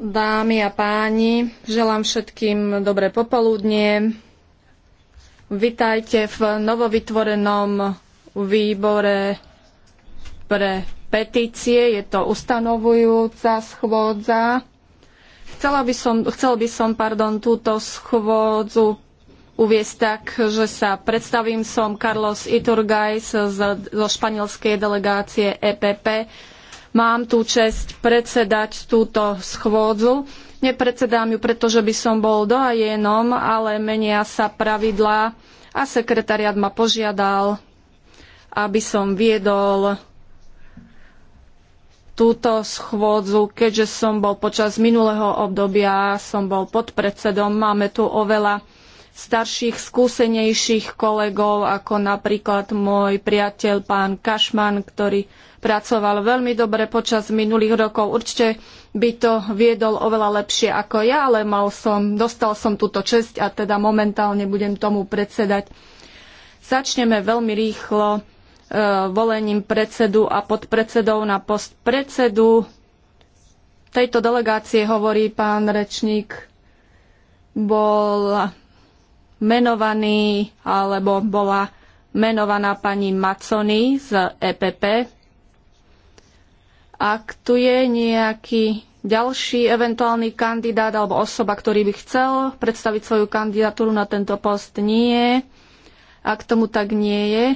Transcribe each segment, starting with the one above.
Dámy a páni, želám všetkým dobré popoludnie. Vitajte v novovytvorenom výbore pre petície. Je to ustanovujúca schôdza. Chcela by som, chcel by som pardon, túto schôdzu uviesť tak, že sa predstavím. Som Carlos Iturgais zo španielskej delegácie EPP Mám tú čest predsedať túto schôdzu. Nepredsedám ju, pretože by som bol doajenom, ale menia sa pravidlá a sekretariat ma požiadal, aby som viedol túto schôdzu, keďže som bol počas minulého obdobia, som bol podpredsedom, máme tu oveľa starších, skúsenejších kolegov, ako napríklad môj priateľ pán Kašman, ktorý pracoval veľmi dobre počas minulých rokov. Určite by to viedol oveľa lepšie ako ja, ale mal som, dostal som túto česť a teda momentálne budem tomu predsedať. Začneme veľmi rýchlo e, volením predsedu a podpredsedov na post predsedu. Tejto delegácie, hovorí pán rečník, bol menovaný alebo bola menovaná pani Maconi z EPP. Ak tu je nejaký ďalší eventuálny kandidát alebo osoba, ktorý by chcel predstaviť svoju kandidatúru na tento post, nie. Ak tomu tak nie je,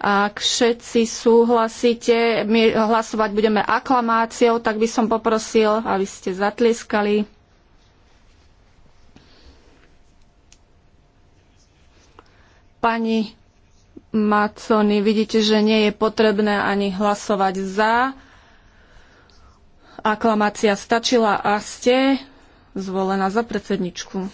ak všetci súhlasíte, my hlasovať budeme aklamáciou, tak by som poprosil, aby ste zatlieskali. Pani Maconi, vidíte, že nie je potrebné ani hlasovať za aklamácia stačila a ste zvolená za predsedničku.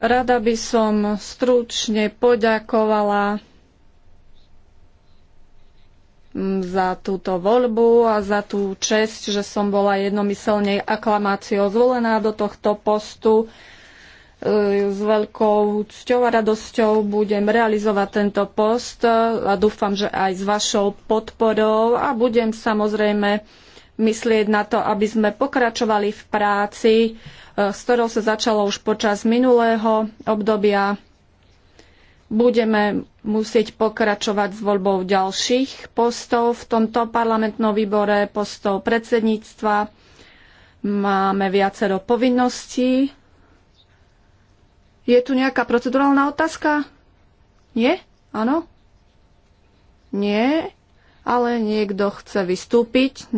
Rada by som stručne poďakovala za túto voľbu a za tú česť, že som bola jednomyselne aklamáciou zvolená do tohto postu. E, s veľkou cťou a radosťou budem realizovať tento post a dúfam, že aj s vašou podporou a budem samozrejme myslieť na to, aby sme pokračovali v práci, e, s ktorou sa začalo už počas minulého obdobia. Budeme musieť pokračovať s voľbou ďalších postov v tomto parlamentnom výbore, postov predsedníctva. Máme viacero povinností. Je tu nejaká procedurálna otázka? Nie? Áno? Nie? ale niekto chce vystúpiť.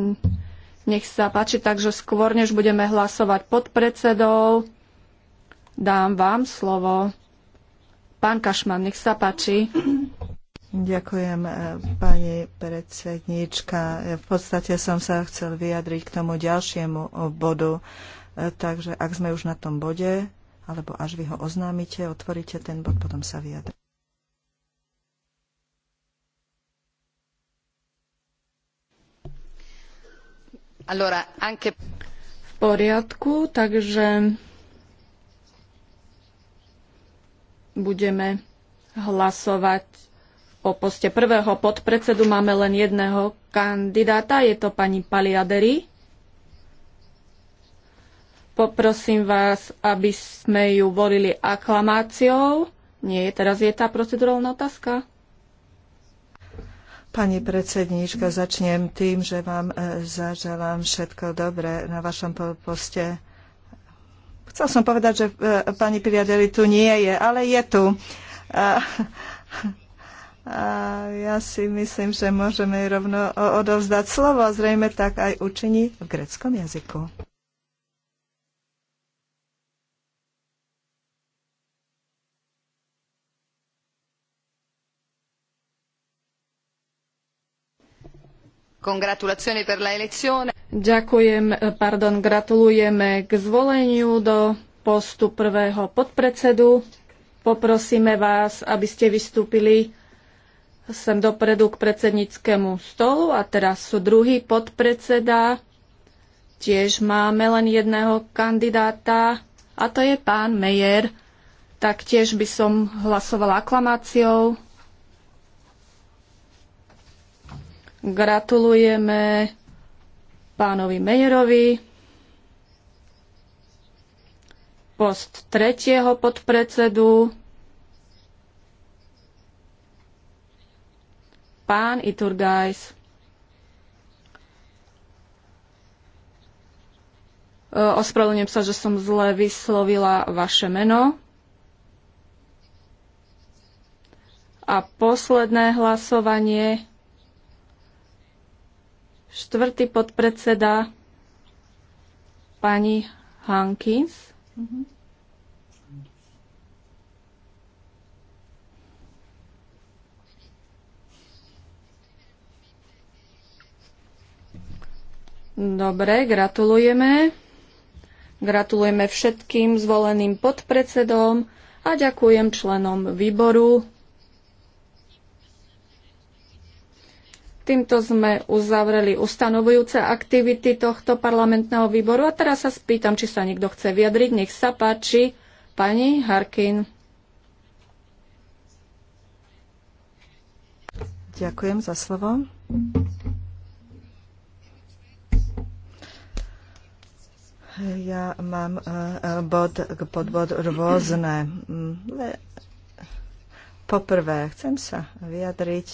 Nech sa páči, takže skôr, než budeme hlasovať pod predsedou, dám vám slovo. Pán Kašman, nech sa páči. Ďakujem, eh, pani predsedníčka. V podstate som sa chcel vyjadriť k tomu ďalšiemu eh, bodu. Eh, takže ak sme už na tom bode, alebo až vy ho oznámite, otvoríte ten bod, potom sa vyjadri. Allora, anche... V poriadku, takže budeme hlasovať o poste prvého podpredsedu. Máme len jedného kandidáta, je to pani Paliaderi. Poprosím vás, aby sme ju volili aklamáciou. Nie, teraz je tá procedurálna otázka. Pani predsedníčka, začnem tým, že vám e, zaželám všetko dobré na vašom poste. Chcel som povedať, že e, pani priadeli tu nie je, ale je tu. A, a ja si myslím, že môžeme rovno odovzdať slovo a zrejme tak aj učiní v greckom jazyku. Congratulazioni per Ďakujem, pardon, gratulujeme k zvoleniu do postu prvého podpredsedu. Poprosíme vás, aby ste vystúpili sem dopredu k predsedníckému stolu a teraz sú druhý podpredseda. Tiež máme len jedného kandidáta a to je pán Mejer. Taktiež by som hlasovala aklamáciou. Gratulujeme pánovi Mejerovi. Post tretieho podpredsedu. Pán Iturgajs. Ospravedlňujem sa, že som zle vyslovila vaše meno. A posledné hlasovanie štvrtý podpredseda pani Hankins. Dobre, gratulujeme. Gratulujeme všetkým zvoleným podpredsedom a ďakujem členom výboru. Týmto sme uzavreli ustanovujúce aktivity tohto parlamentného výboru a teraz sa spýtam, či sa niekto chce vyjadriť. Nech sa páči, pani Harkin. Ďakujem za slovo. Ja mám eh, bod k podbod rôzne. Mm, Poprvé, chcem sa vyjadriť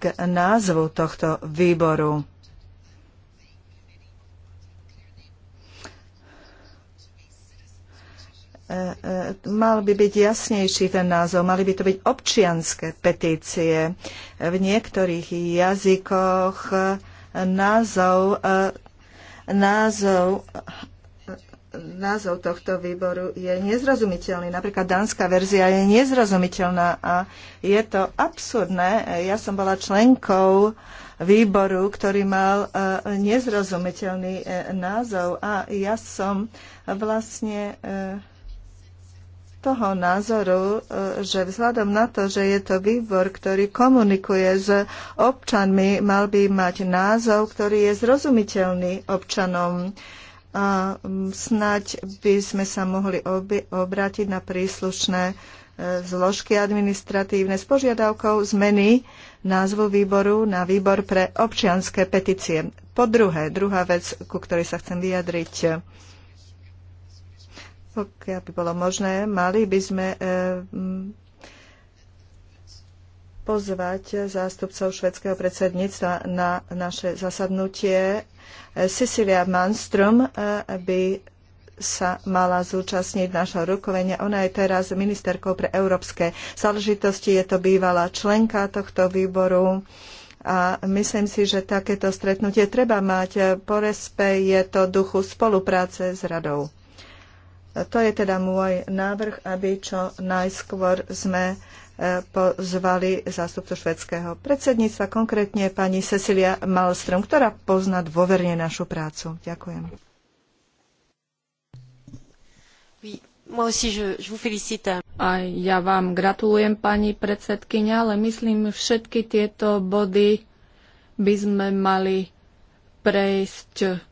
k názvu tohto výboru. E, e, mal by byť jasnejší ten názov, mali by to byť občianské petície. V niektorých jazykoch názov, e, názov názov tohto výboru je nezrozumiteľný. Napríklad dánska verzia je nezrozumiteľná a je to absurdné. Ja som bola členkou výboru, ktorý mal e, nezrozumiteľný e, názov a ja som vlastne e, toho názoru, že vzhľadom na to, že je to výbor, ktorý komunikuje s občanmi, mal by mať názov, ktorý je zrozumiteľný občanom. Uh, a snať by sme sa mohli obi- obrátiť na príslušné e, zložky administratívne s požiadavkou zmeny názvu výboru na výbor pre občianské petície. Po druhé, druhá vec, ku ktorej sa chcem vyjadriť. Pokiaľ by bolo možné, mali by sme e, pozvať zástupcov švedského predsedníctva na naše zasadnutie. Cecilia Manstrom eh, by sa mala zúčastniť naša rukovenia. Ona je teraz ministerkou pre európske záležitosti, je to bývalá členka tohto výboru a myslím si, že takéto stretnutie treba mať. Po respe je to duchu spolupráce s radou. To je teda môj návrh, aby čo najskôr sme pozvali zástupcu švedského predsedníctva, konkrétne pani Cecilia Malström, ktorá pozná dôverne našu prácu. Ďakujem. A ja vám gratulujem, pani predsedkynia, ale myslím, všetky tieto body by sme mali prejsť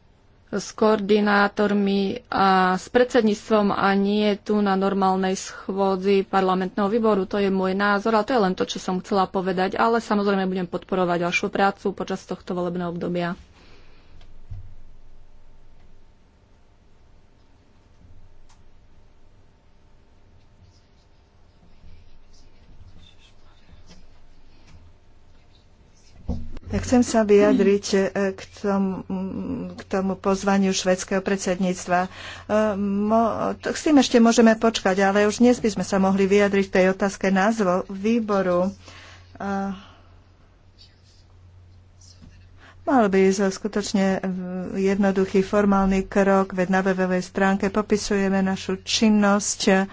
s koordinátormi a s predsedníctvom a nie tu na normálnej schôdzi parlamentného výboru. To je môj názor ale to je len to, čo som chcela povedať. Ale samozrejme budem podporovať vašu prácu počas tohto volebného obdobia. Chcem sa vyjadriť eh, k tomu, tomu pozvaniu švedského predsedníctva. E, s tým ešte môžeme počkať, ale už dnes by sme sa mohli vyjadriť tej otázke názvo výboru. Mal by ísť skutočne jednoduchý formálny krok, veď na webovej stránke popisujeme našu činnosť,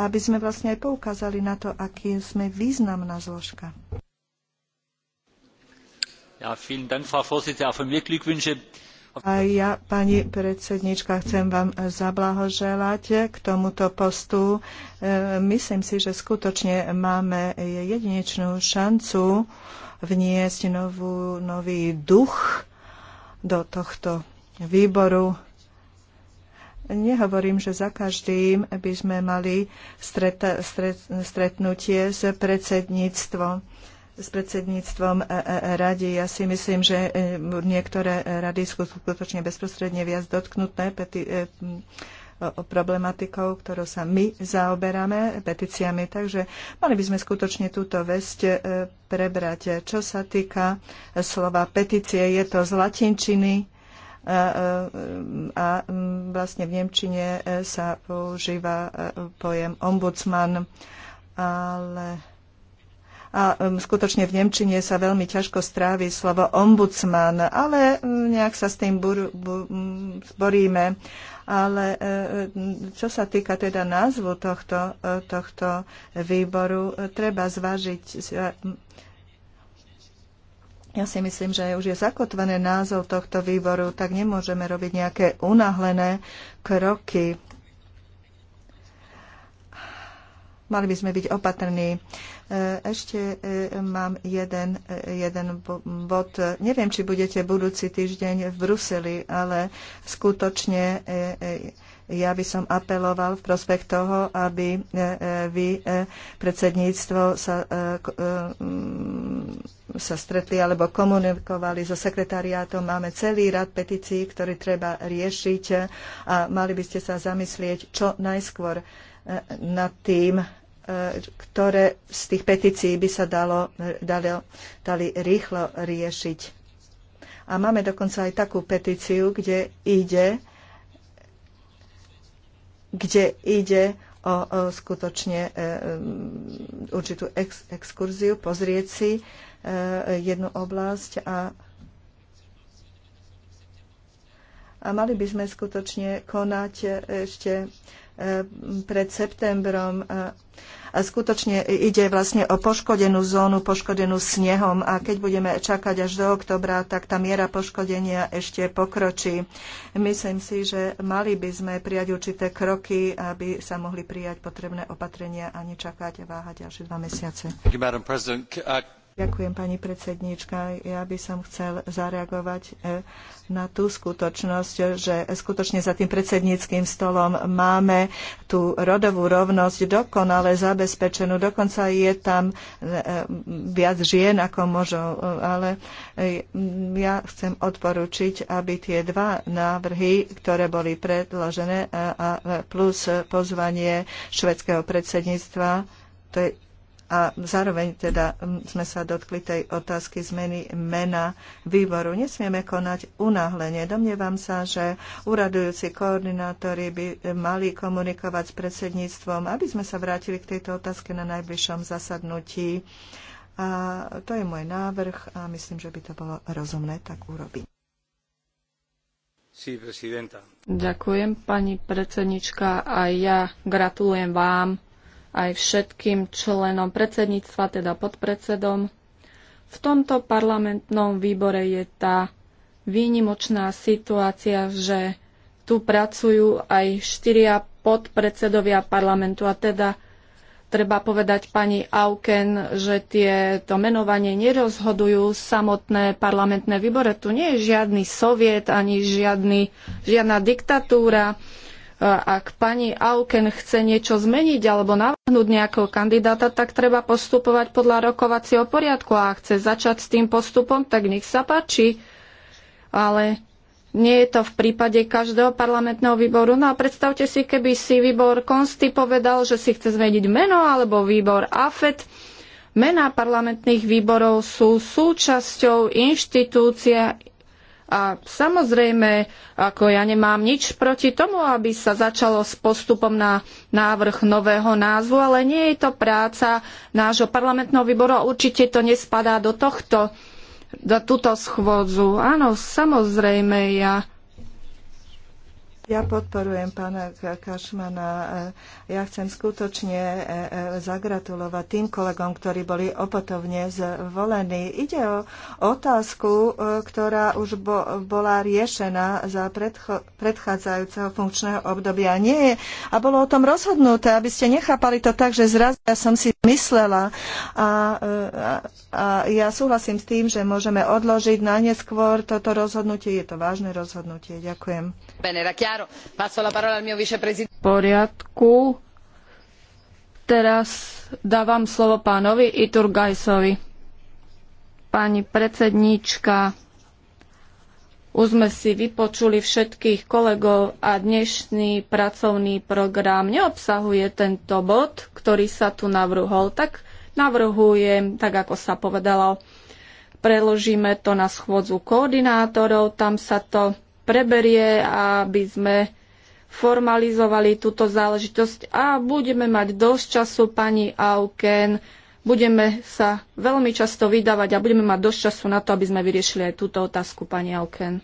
aby sme vlastne aj poukázali na to, aký sme významná zložka. Ja, ja, pani predsedníčka chcem vám zablahoželať k tomuto postu. E, myslím si, že skutočne máme jedinečnú šancu vniesť novú, nový duch do tohto výboru. Nehovorím, že za každým by sme mali stret, stret, stretnutie s predsedníctvom s predsedníctvom e e e rady. Ja si myslím, že niektoré rady sú skutočne bezprostredne viac dotknuté problematikou, ktorou sa my zaoberáme, petíciami. Takže mali by sme skutočne túto vesť prebrať. Čo sa týka slova petície, je to z latinčiny a, a vlastne v Nemčine sa používa pojem ombudsman, ale a skutočne v Nemčine sa veľmi ťažko strávi slovo ombudsman, ale nejak sa s tým bur, bur, boríme. Ale čo sa týka teda názvu tohto, e, tohto výboru, e, treba zvážiť ja si myslím, že už je zakotvený názov tohto výboru, tak nemôžeme robiť nejaké unáhlené kroky. mali by sme byť opatrní. E, ešte e, mám jeden, e, jeden bod. Neviem, či budete budúci týždeň v Bruseli, ale skutočne ja by som apeloval v prospech toho, aby vy, predsedníctvo, sa, mm, sa stretli alebo komunikovali so sekretariátom. Máme celý rad petícií, ktorý treba riešiť a mali by ste sa zamyslieť čo najskôr nad tým, e, ktoré z tých petícií by sa dalo, dali, dali rýchlo riešiť. A máme dokonca aj takú petíciu, kde ide, kde ide o, o skutočne e, určitú ex, exkurziu, pozrieť si e, jednu oblasť a a mali by sme skutočne konať ešte E, pred septembrom. E, a skutočne ide vlastne o poškodenú zónu, poškodenú snehom a keď budeme čakať až do oktobra, tak tá miera poškodenia ešte pokročí. Myslím si, že mali by sme prijať určité kroky, aby sa mohli prijať potrebné opatrenia a nečakať a váhať ďalšie dva mesiace. Ďakujem, pani predsedníčka. Ja by som chcel zareagovať e, na tú skutočnosť, že skutočne za tým predsedníckým stolom máme tú rodovú rovnosť dokonale zabezpečenú. Dokonca je tam e, viac žien ako mužov. Ale e, ja chcem odporučiť, aby tie dva návrhy, ktoré boli predložené a plus pozvanie švedského predsedníctva, to je a zároveň teda sme sa dotkli tej otázky zmeny mena výboru. Nesmieme konať unáhlenie. Domnievam sa, že uradujúci koordinátori by mali komunikovať s predsedníctvom, aby sme sa vrátili k tejto otázke na najbližšom zasadnutí. A to je môj návrh a myslím, že by to bolo rozumné tak urobiť. Ďakujem, pani predsednička, a ja gratulujem vám aj všetkým členom predsedníctva, teda podpredsedom. V tomto parlamentnom výbore je tá výnimočná situácia, že tu pracujú aj štyria podpredsedovia parlamentu a teda treba povedať pani Auken, že tieto menovanie nerozhodujú samotné parlamentné výbore. Tu nie je žiadny soviet ani žiadny, žiadna diktatúra ak pani Auken chce niečo zmeniť alebo navrhnúť nejakého kandidáta, tak treba postupovať podľa rokovacieho poriadku a chce začať s tým postupom, tak nech sa páči. Ale nie je to v prípade každého parlamentného výboru. No a predstavte si, keby si výbor Konsti povedal, že si chce zmeniť meno alebo výbor AFET. Mená parlamentných výborov sú súčasťou inštitúcia, a samozrejme, ako ja nemám nič proti tomu, aby sa začalo s postupom na návrh nového názvu, ale nie je to práca nášho parlamentného výboru a určite to nespadá do tohto, do túto schôdzu. Áno, samozrejme, ja ja podporujem pána Kašmana. Ja chcem skutočne e, e, zagratulovať tým kolegom, ktorí boli opatovne zvolení. Ide o otázku, e, ktorá už bola riešená za predchádzajúceho funkčného obdobia. Nie je, a bolo o tom rozhodnuté, aby ste nechápali to tak, že zrazu ja som si myslela a, a, a ja súhlasím s tým, že môžeme odložiť na neskôr toto rozhodnutie. Je to vážne rozhodnutie. Ďakujem. V poriadku. Teraz dávam slovo pánovi Iturgajsovi. Pani predsedníčka, už sme si vypočuli všetkých kolegov a dnešný pracovný program neobsahuje tento bod, ktorý sa tu navrhol. Tak navrhujem, tak ako sa povedalo, preložíme to na schôdzu koordinátorov, tam sa to preberie, aby sme formalizovali túto záležitosť a budeme mať dosť času, pani Auken, budeme sa veľmi často vydávať a budeme mať dosť času na to, aby sme vyriešili aj túto otázku, pani Auken.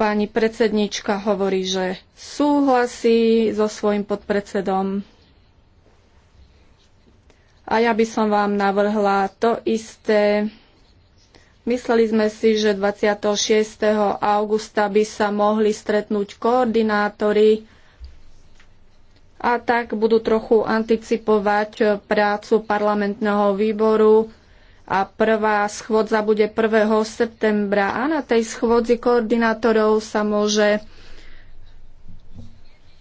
Pani predsednička hovorí, že súhlasí so svojim podpredsedom. A ja by som vám navrhla to isté Mysleli sme si, že 26. augusta by sa mohli stretnúť koordinátori a tak budú trochu anticipovať prácu parlamentného výboru a prvá schôdza bude 1. septembra a na tej schôdzi koordinátorov sa môže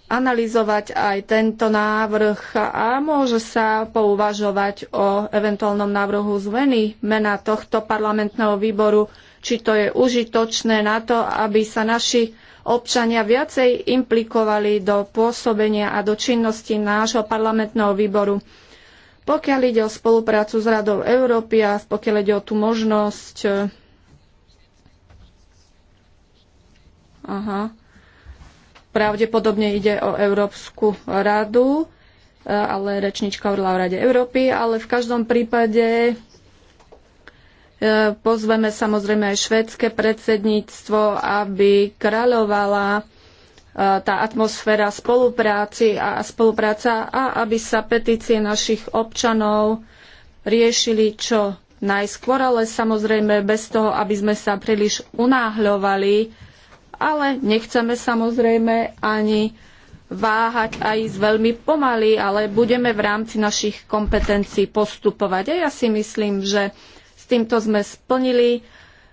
analyzovať aj tento návrh a môže sa pouvažovať o eventuálnom návrhu zmeny mena tohto parlamentného výboru, či to je užitočné na to, aby sa naši občania viacej implikovali do pôsobenia a do činnosti nášho parlamentného výboru. Pokiaľ ide o spoluprácu s Radou Európy a pokiaľ ide o tú možnosť Aha. Pravdepodobne ide o Európsku radu, e, ale rečnička hovorila o Rade Európy, ale v každom prípade e, pozveme samozrejme aj švédske predsedníctvo, aby kráľovala e, tá atmosféra spolupráci a spolupráca a aby sa petície našich občanov riešili čo najskôr, ale samozrejme bez toho, aby sme sa príliš unáhľovali ale nechceme samozrejme ani váhať a ísť veľmi pomaly, ale budeme v rámci našich kompetencií postupovať. A ja si myslím, že s týmto sme splnili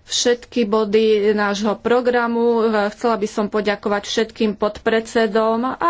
všetky body nášho programu. Chcela by som poďakovať všetkým podpredsedom a